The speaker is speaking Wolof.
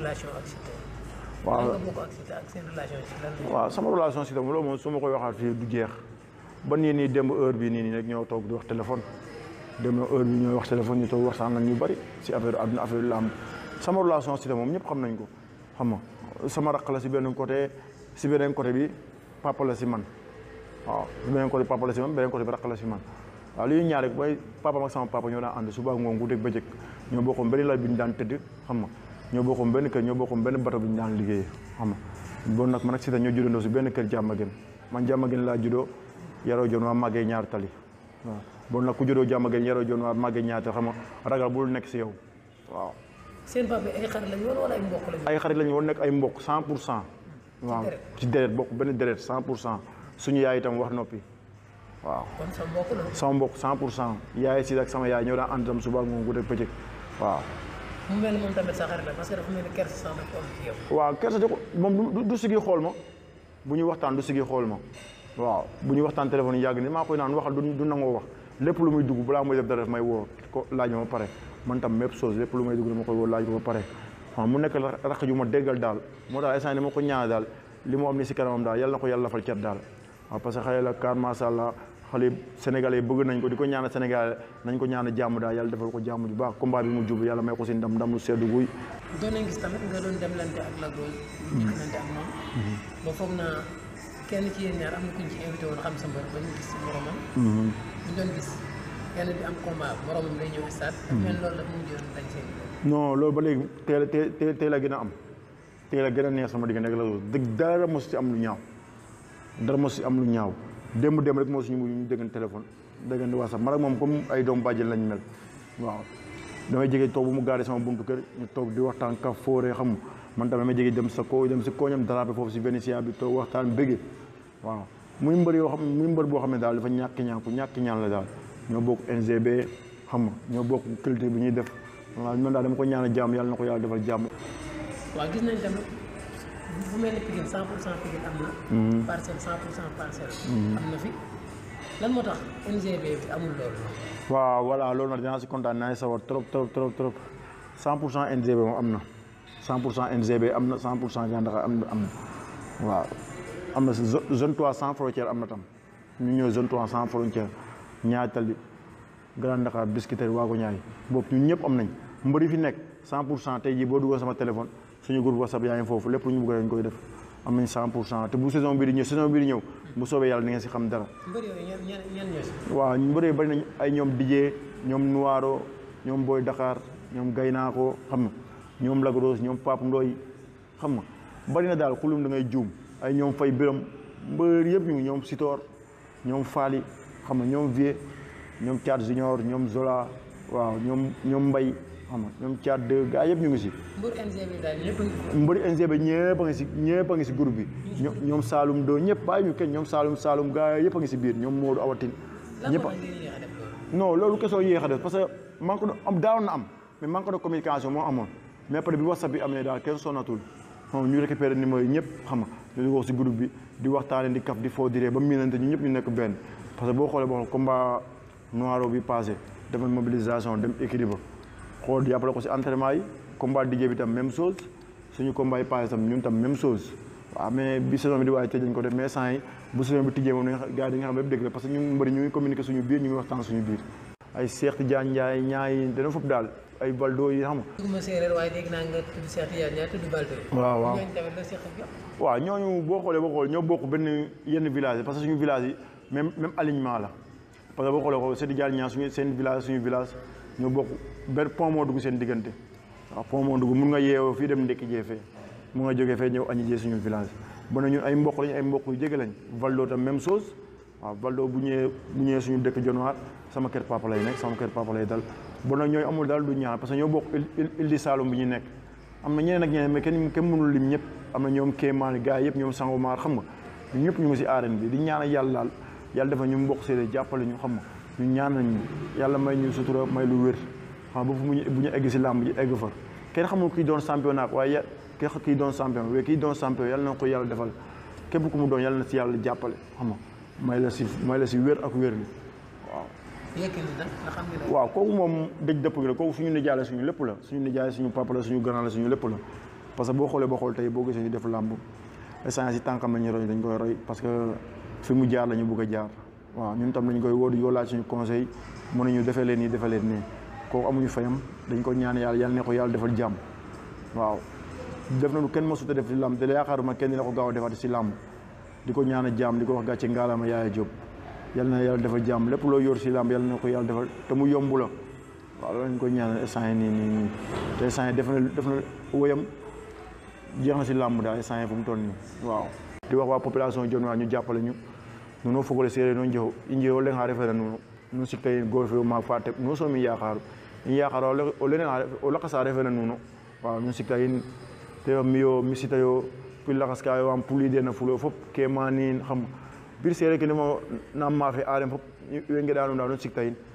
relation ak Siteu. waaw lan nga bokk ak Siteu si lan waaw loolu moom su ma koy waxaat fii du jeex ba nii nii démb heure bi nii nii rek ñoo toog di wax téléphone. dem heure bi ñooy wax téléphone ñu toog waxtaan nañ ñu bari si affaire àdduna affaire lamb sama relation Siteu moom ñëpp xam nañ ko xam na sama rakk la si benn côté si beneen côté bi papa la si man waaw si beneen côté la si man beneen côté bi rakk la si man. waaw li ñuy ñaar rek mooy papa ak sama papa ñoo daan ànd suba ngoon guddeeg bëccëg ñoo bokkoon benn bi ñu daan tëdd xam nga. ñoo bokkoon benn kër ñoo bokkoon benn bato bi ñu daan liggéey xam nga bon nag man ak Siteu ñoo juddoo si benn kër Jàmmagén man Jàmmagén laa juddoo yaroo joon waa màggee ñaar tali waaw bon nag ku juddoo Jàmmagén yaroo joon waa màggee ñaar tali xam nga ragal bul nekk si yow waaw. seen papa ay xarit lañ woon ay mbokk lañ. nekk ay mbokk 100 pour cent. waaw ci déret bokk benn déret 100 pour cent suñu yaay itam wax noppi. waaw kon sama mbokk la. pour cent yaay si ak sama yaay ñoo daan ànd tam suba ak moom guddeeg bëccëg waaw. mu mel moom tamit sa xarit la moom du sigi xool ma bu ñuy waxtaan du sigi xool ma waaw bu ñuy waxtaan téléphone yi yàgg ni maa koy naan waxal du nangoo wax lépp lu muy dugg balaa muy def dara def may woo ko laaj ma ba pare man tam même chose lépp lu may dugg ma koy woo laaj ma ba pare mu nekk rakk ju ma déggal daal moo tax instant ni ma ko ñaanal daal li mu am ni si kanamam daal yàlla ko yàlla fal cat daal waaw parce que la car macha allah xale sénégalais bëgg nañ ko di ko ñaanal sénégal nañ ko ñaanal jàmm daal yàlla defal ko jàmm ju baax combat mu jub ko si ndam ndam lu seddu gis mm-hmm. mm-hmm. ba foog ci moromam mm-hmm. ñu doon gis kenn bi am combat moromam lay ñëw stade mel loolu la mu jëloon dañ loolu ba léegi teel teel teel a gën a am teel a gën a neex sama diggante ak Lac dara mos ci am lu ñaaw dara mos ci am lu ñaaw démb démb rek moo suñu mujj ñu déggante téléphone déggante whatsapp man ak moom comme ay doom bàjjen lañ mel waaw damay jege toog bu mu gaaree sama buntu kër ñu toog di waxtaan ka fooree xam man tamit damay jege dem sa koo dem si kooñam darape foofu si Vénétien bi toog waxtaan bëgge waaw muy mbër yoo xam muy mbër boo xam ne daal dafa ñàkk ñaan ku ñàkk ñaan la daal ñoo bokk ngb xam nga ñoo bokk culture bi ñuy def waaw man daal dama ko ñaan a jàmm yàlla na ko yàlla defal jàmm waaw gis nañ tamit bu mel ni na. Mm-hmm. parcelle mm-hmm. am na fi lan moo tax NGB bi amul loolu. waaw voilà loolu nag dinaa si kontaan naa sawar trop trop trop trop cent pour cent NGB moom am na cent pour cent NGB am na cent pour cent Ndiandaxa am na am na waaw am na zone trois cent frontière am na tam ñu ñëw zone trois sans frontière ñaari tali Grand Dakar Biscuiterie Waagu Ñaay boobu ñun ñëpp am nañ mbëri fi nekk cent pour cent tey jii boo duggoon sama téléphone. suñu groupe whatsapp yaa ngi foofu lépp lu ñu bëgg dañ koy def am nañ 100 pour cent te bu saison bi di ñëw saison bi di ñëw bu soobee yàlla di nga si xam dara. waaw mbër yooyu bari nañ ay ñoom Dijé ñoom Noiro ñoom Boy Dakar ñoom Gaynaako xam nga ñoom Lagros ñoom Pape Ndoy xam nga bari na daal xulum da ngay juum ay ñoom Fay Biram mbër yëpp ñu ñoom Sitor ñoom Faali xam nga ñoom Vieux ñoom Thiat Junior ñoom Zola waaw ñoom ñoom Mbay xam nga ñoom caat deux gars yëpp ñu ngi si. mbëri NGB ñëpp a ngi si ñëpp a ngi si groupe bi. ñoom Saalum doo ñëpp bàyyi ñu kenn ñoom Saalum Saalum gars yëpp a ngi si biir ñoom Modou Awatine. ñëpp non loolu kesoo yéex a parce que manque de am daawoon na am mais manque de communication moo amoon mais après bi WhatsApp bi amee daal kenn sonnatul xam ñu récupéré numéro yi ñëpp xam nga ñu wax si groupe bi di waxtaane di kaf di foo diree ba miinante ñu ñëpp ñu nekk benn parce que boo xoolee boo xam combat bi passé dafa mobilisation dem équilibre xool jàppale ko si entraînement yi combat diggé bi tam même chose suñu combat ñun tam même chose waaw mais bi saison bi di ko def mais sans yi bu saison bi tijjee moom nañ gars yi dañ nga xam yëpp dégg la parce ñu mbëri ñu ngi communiqué suñu biir ñu ngi waxtaan suñu biir ay Cheikh Tidiane ñaay dana fop daal ay Baldo yi xam nga waaye dégg naa nga tudd boo xoolee boo xool ñoo bokk benn yenn village yi que suñu village yi même même alignement la parce que boo xoolee ko Cheikh Tidiane suñu seen village suñu village ñu bokk benn pont moo dugg seen diggante waaw pont moo dugg mun nga yeewoo fii dem ndekki jee fee mun nga jógee fee ñëw añi jee suñu village na ñu ay mboq lañ ay mboq yu jege lañ Valdo tam même chose waaw Valdo bu ñëwee bu ñëwee suñu dëkk Dionewar sama kër papa lay nekk sama kër papa lay dal ba nag ñooy amul daal du ñaar parce que ñoo bokk il di Saloum bi ñu nekk am na ñeneen ak ñeneen mais kenn kenn mënul lim ñëpp am na ñoom kéemaan gars yëpp ñoom sangomaar xam nga ñëpp ñu si arène bi di ñaanal yàlla daal dafa ñu mbokk jàppale ñu xam ñu ñaan nañ yàlla may ñu sutura may lu wér xam ba fu mu bu ñu egg si làmb ji egg fa kenn xamul kii doon champion naak waaye ke kii doon champion waaye kii doon champion yàlla na ko yàlla defal képp ku mu doon yàlla na si yàlla jàppale xam nga may la si may la si wér ak wér li waaw waaw kooku moom dëj dëpp gi la kooku suñu nijaay la suñu lépp la suñu nijaay suñu papa la suñu grand la suñu lépp la parce que boo xoolee boo xool tey boo gisee ñu def làmb essence yi tànkam la ñu roy dañ koy roy parce que fi jaar la ñu bëgg a jaar waaw ñun tam dañ koy woo di yoolaat suñu conseil ñu defee leen nii defee leen nii kooku amuñu fayam dañ ko ñaan yàlla yàlla ne ko yàlla defal jàmm waaw def nañu kenn mosut a def ci làmb te yaakaaruma kenn dina ko gaaw a defaat ci làmb di ko ñaan a jàmm di ko wax gàcce ngaalaama Yaaya Jóob yàlla na yàlla defal jàmm lépp loo yor ci làmb yàlla na ko yàlla defal te mu yomb la waaw loolu lañ ko ñaanal instant nii nii nii te instant yi def na def na woyam jeex na ci làmb daal instant yi fu mu toll nii waaw di wax waa population nono fogole seere noon jeho i jeeho leŋ ha refena nuno nu sikkay goofewo maak fa teɓ nu somi yakaru i yakara o lene o lakas a refena nuno waaw nu sikka in te miyo mi sitayo pul lakas ka yo an pulidena fulo fop ke manin xam bir seere ke ndema na maafe aren fop we ngeɗa nu nda nu sikta in